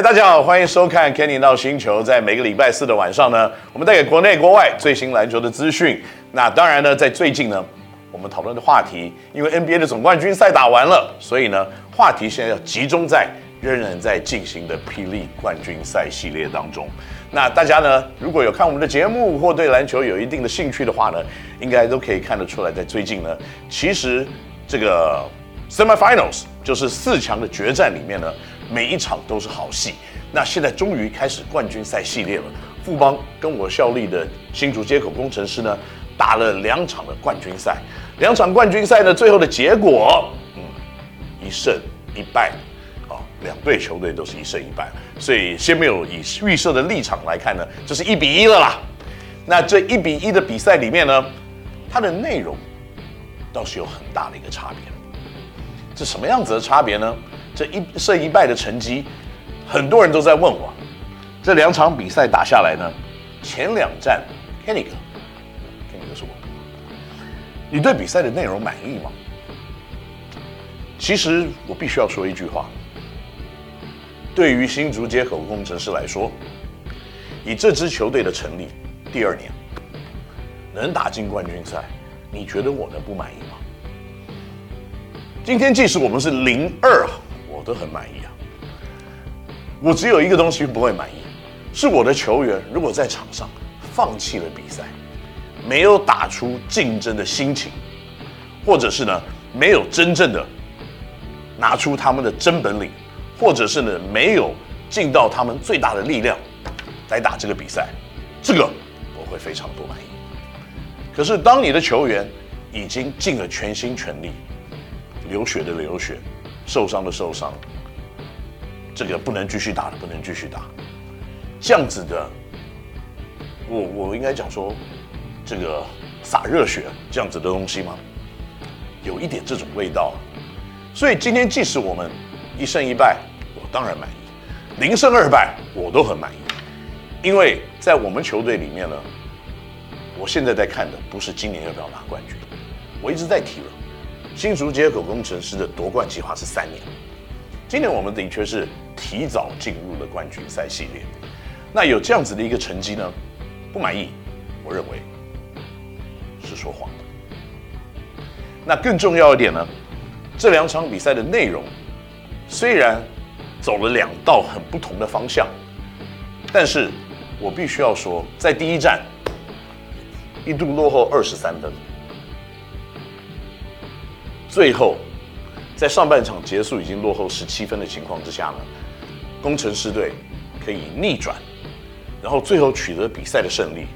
Hey, 大家好，歡迎收看《肯尼 NOW 星球》。在每個禮拜四的晚上呢，我們帶給國內國外最新籃球的資訊。那當然呢，在最近呢，我們討論的話題，因為 NBA 的總冠軍賽打完了，所以呢，話題現在要集中在仍然在進行的 P. LEAGUE 冠軍賽系列當中。那大家呢，如果有看我們的節目或對籃球有一定的興趣的話呢，應該都可以看得出來，在最近呢，其實這個 semifinals 就是四強的決戰裡面呢。每一場都是好戲，那現在終於開始冠軍賽系列了。富邦跟我效力的新竹街口攻城獅呢，打了兩場的冠軍賽，兩場冠軍賽的最後的結果，嗯，一勝一敗，啊、哦，兩隊球隊都是一勝一敗，所以先沒有以預設的立場來看呢，這、就是一比一了啦。那這一比一的比賽裡面呢，它的內容倒是有很大的一個差別。是什麼樣子的差別呢？這一勝一敗的成績，很多人都在問我、啊，這兩場比賽打下來呢，前兩戰，Kenny 哥，Kenny 哥是我。你對比賽的內容滿意嗎？其實我必須要說一句話，對於新竹街口攻城獅來說，以這支球隊的成立第二年，能打進冠軍賽，你覺得我能不滿意嗎？今天即使我們是零二啊，我都很滿意啊。我只有一個東西不會滿意，是我的球員如果在場上放棄了比賽，沒有打出競爭的心情，或者是呢沒有真正的拿出他們的真本領，或者是呢沒有盡到他們最大的力量來打這個比賽，這個我會非常不滿意。可是當你的球員已經盡了全心全力。流血的流血，受傷的受傷，這個不能繼續打了，不能繼續打，這樣子的，我我應該講說，這個灑熱血這樣子的東西嗎？有一點這種味道啊。所以今天即使我們一勝一敗，我當然滿意；零勝二敗，我都很滿意。因為在我們球隊裡面呢，我現在在看的不是今年要不要拿冠軍，我一直在提了。新竹街口攻城獅的奪冠計劃是三年，今年我們的確是提早進入了冠軍賽系列。那有這樣子的一個成績呢，不滿意，我認為是說謊的。那更重要一點呢，這兩場比賽的內容雖然走了兩道很不同的方向，但是我必須要說，在第一戰一度落後二十三分。最後，在上半場結束已經落後十七分的情況之下呢，攻城獅隊可以逆轉，然後最後取得比賽的勝利。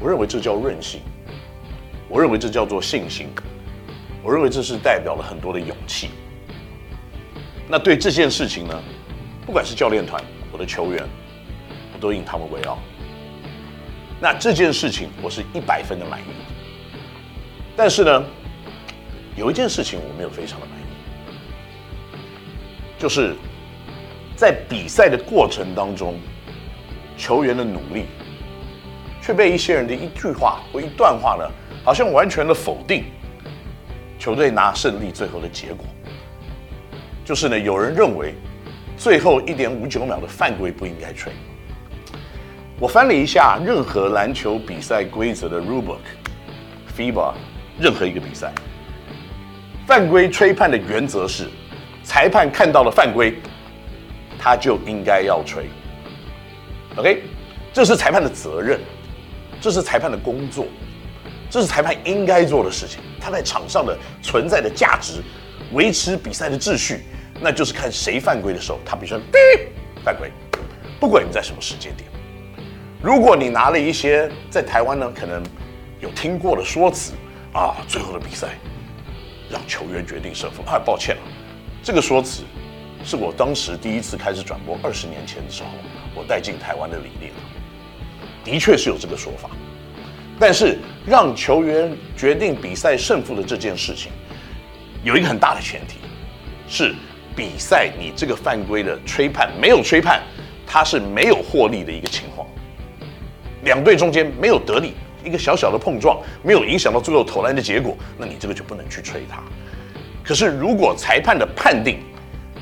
我認為這叫韌性，我認為這叫做信心，我認為這是代表了很多的勇氣。那對這件事情呢，不管是教練團，我的球員，我都以他們為傲。那這件事情，我是一百分的滿意。但是呢，有一件事情，我沒有非常的滿意，就是在比賽的過程當中，球員的努力，卻被一些人的一句話或一段話呢，好像完全的否定，球隊拿勝利最後的結果。就是呢，有人認為最後一點五九秒的犯規不應該吹。我翻了一下任何籃球比賽規則的 r u b o o k f i b a 任何一個比賽。犯規吹判的原則是，裁判看到了犯規，他就應該要吹。OK，這是裁判的責任，這是裁判的工作，這是裁判應該做的事情。他在場上的存在的價值，維持比賽的秩序，那就是看誰犯規的時候，他比如說，犯規，不管你在什麼時間點，如果你拿了一些在台灣呢可能有聽過的說辭啊，最後的比賽。讓球員決定勝負？啊，抱歉了，這個說辭是我當時第一次開始轉播二十年前的時候，我帶進台灣的理念了。的確是有這個說法，但是讓球員決定比賽勝負的這件事情，有一個很大的前提，是比賽你這個犯規的吹判沒有吹判，它是沒有獲利的一個情況，兩隊中間沒有得利。一個小小的碰撞沒有影響到最後投籃的結果，那你這個就不能去吹他。可是如果裁判的判定，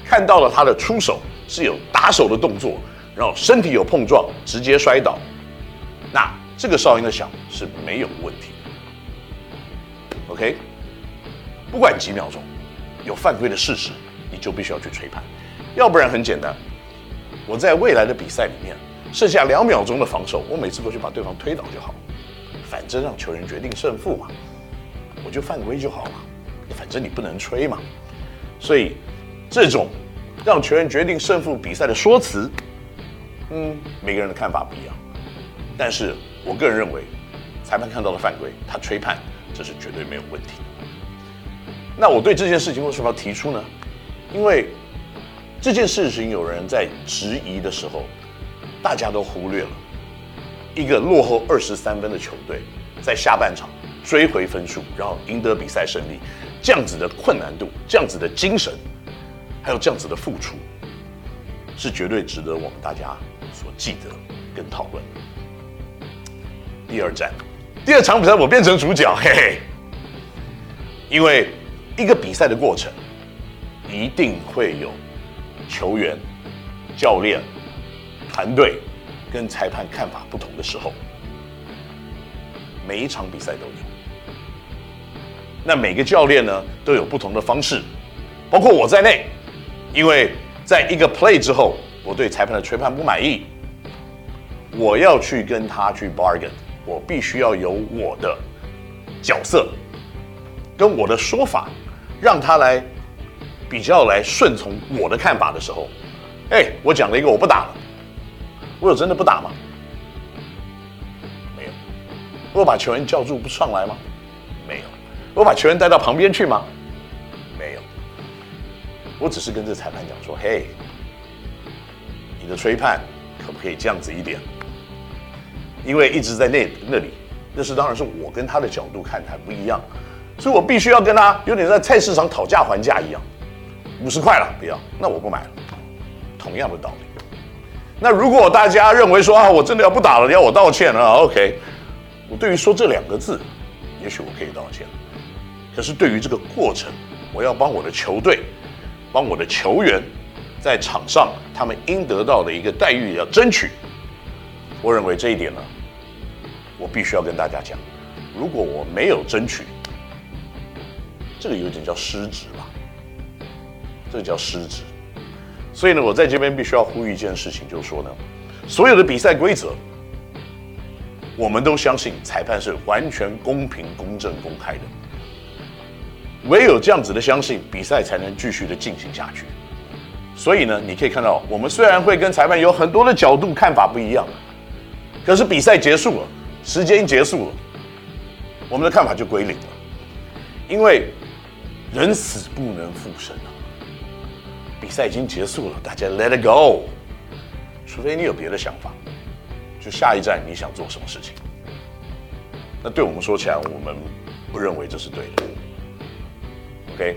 看到了他的出手是有打手的動作，然後身體有碰撞直接摔倒，那這個哨音的響是沒有問題的。OK，不管幾秒鐘，有犯規的事實，你就必須要去吹判，要不然很簡單，我在未來的比賽裡面剩下兩秒鐘的防守，我每次都去把對方推倒就好。真讓球員決定勝負嘛？我就犯規就好了，反正你不能吹嘛。所以，這種讓球員決定勝負比賽的說辭，嗯，每個人的看法不一樣。但是我個人認為，裁判看到的犯規，他吹判，這是絕對沒有問題的。那我對這件事情為什麼要提出呢？因為這件事情有人在質疑的時候，大家都忽略了，一個落後二十三分的球隊。在下半場追回分數，然後贏得比賽勝利，這樣子的困難度，這樣子的精神，還有這樣子的付出，是絕對值得我們大家所記得跟討論。第二戰，第二場比賽我變成主角，嘿嘿。因為一個比賽的過程，一定會有球員、教練、團隊跟裁判看法不同的時候。每一場比賽都有，那每個教練呢都有不同的方式，包括我在內。因為在一個 play 之後，我對裁判的吹判不滿意，我要去跟他去 bargain。我必須要有我的角色跟我的說法，讓他來比較來順從我的看法的時候，哎，我講了一個我不打了，我有真的不打嗎？我把球員叫住不上來嗎？沒有。我把球員帶到旁邊去嗎？沒有。我只是跟這裁判講說：“嘿，你的吹判可不可以這樣子一點？因為一直在那那裡，那是當然是我跟他的角度看還不一樣，所以我必須要跟他有點在菜市場討價還價一樣，五十塊了，不要，那我不買了。同樣的道理。那如果大家認為說啊，我真的要不打了，要我道歉了，啊，OK。”我對於說這兩個字，也許我可以道歉，可是對於這個過程，我要幫我的球隊，幫我的球員，在場上他們應得到的一個待遇要爭取，我認為這一點呢，我必須要跟大家講，如果我沒有爭取，這個有點叫失職吧，這個、叫失職，所以呢，我在這邊必須要呼籲一件事情，就是說呢，所有的比賽規則。我們都相信裁判是完全公平、公正、公開的，唯有這樣子的相信，比賽才能繼續的進行下去。所以呢，你可以看到，我們雖然會跟裁判有很多的角度看法不一樣，可是比賽結束了，時間結束了，我們的看法就歸零了，因為人死不能復生啊！比賽已經結束了，大家 Let it go，除非你有別的想法。就下一站你想做什麼事情？那對我們說起來，我們不認為這是對的。OK，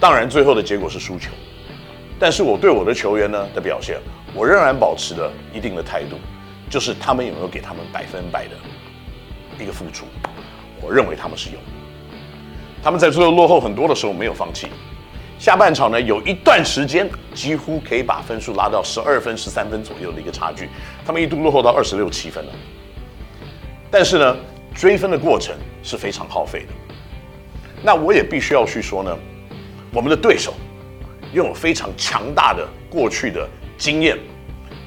當然最後的結果是輸球，但是我對我的球員呢的表現，我仍然保持了一定的態度，就是他們有沒有給他們百分百的一個付出，我認為他們是有的。他們在最後落後很多的時候沒有放棄。下半場呢，有一段時間幾乎可以把分數拉到十二分、十三分左右的一個差距，他們一度落後到二十六七分了。但是呢，追分的過程是非常耗費的。那我也必須要去說呢，我們的對手擁有非常強大的過去的經驗，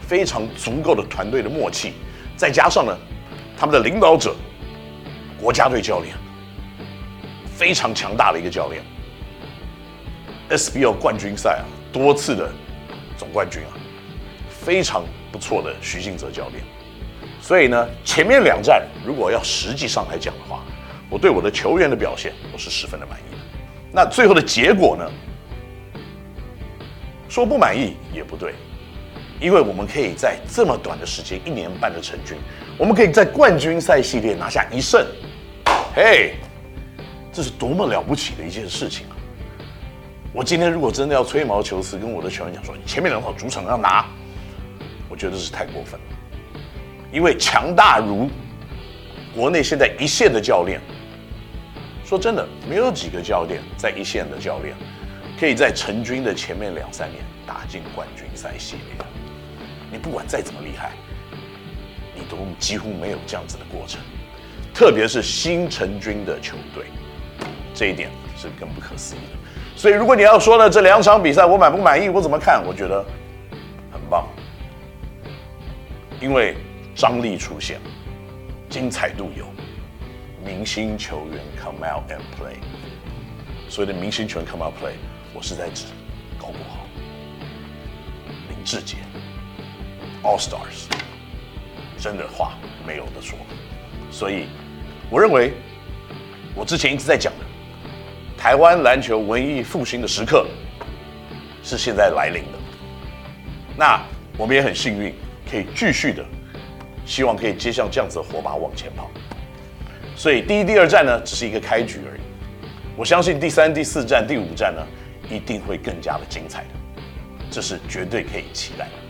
非常足夠的團隊的默契，再加上呢，他們的領導者，國家隊教練，非常強大的一個教練。SBL 冠軍賽啊，多次的總冠軍啊，非常不錯的徐靜澤教練。所以呢，前面兩站如果要實際上來講的話，我對我的球員的表現我是十分的滿意的。那最後的結果呢？說不滿意也不對，因為我們可以在這麼短的時間，一年半的成軍，我們可以在冠軍賽系列拿下一勝。嘿、Hey，這是多麼了不起的一件事情啊！我今天如果真的要吹毛求疵，跟我的球員講說前面兩場主場要拿，我覺得是太過分了，因為強大如國內現在一線的教練，說真的，沒有幾個教練在一線的教練，可以在成軍的前面兩三年打進冠軍賽系列的。你不管再怎麼厲害，你都幾乎沒有這樣子的過程，特別是新成軍的球隊，這一點是更不可思議的。所以，如果你要說的這兩場比賽我滿不滿意，我怎麼看？我覺得很棒，因為張力出現，精彩度有，明星球員 come out and play，所有的明星球員 come out play，我是在指搞不好林，林志杰 all stars，真的話沒有的說，所以我認為我之前一直在講的。台灣籃球文藝復興的時刻是現在來臨的，那我們也很幸運，可以繼續的，希望可以接上這樣子的火把往前跑。所以第一、第二戰呢，只是一個開局而已。我相信第三、第四戰、第五戰呢，一定會更加的精彩的，這是絕對可以期待的。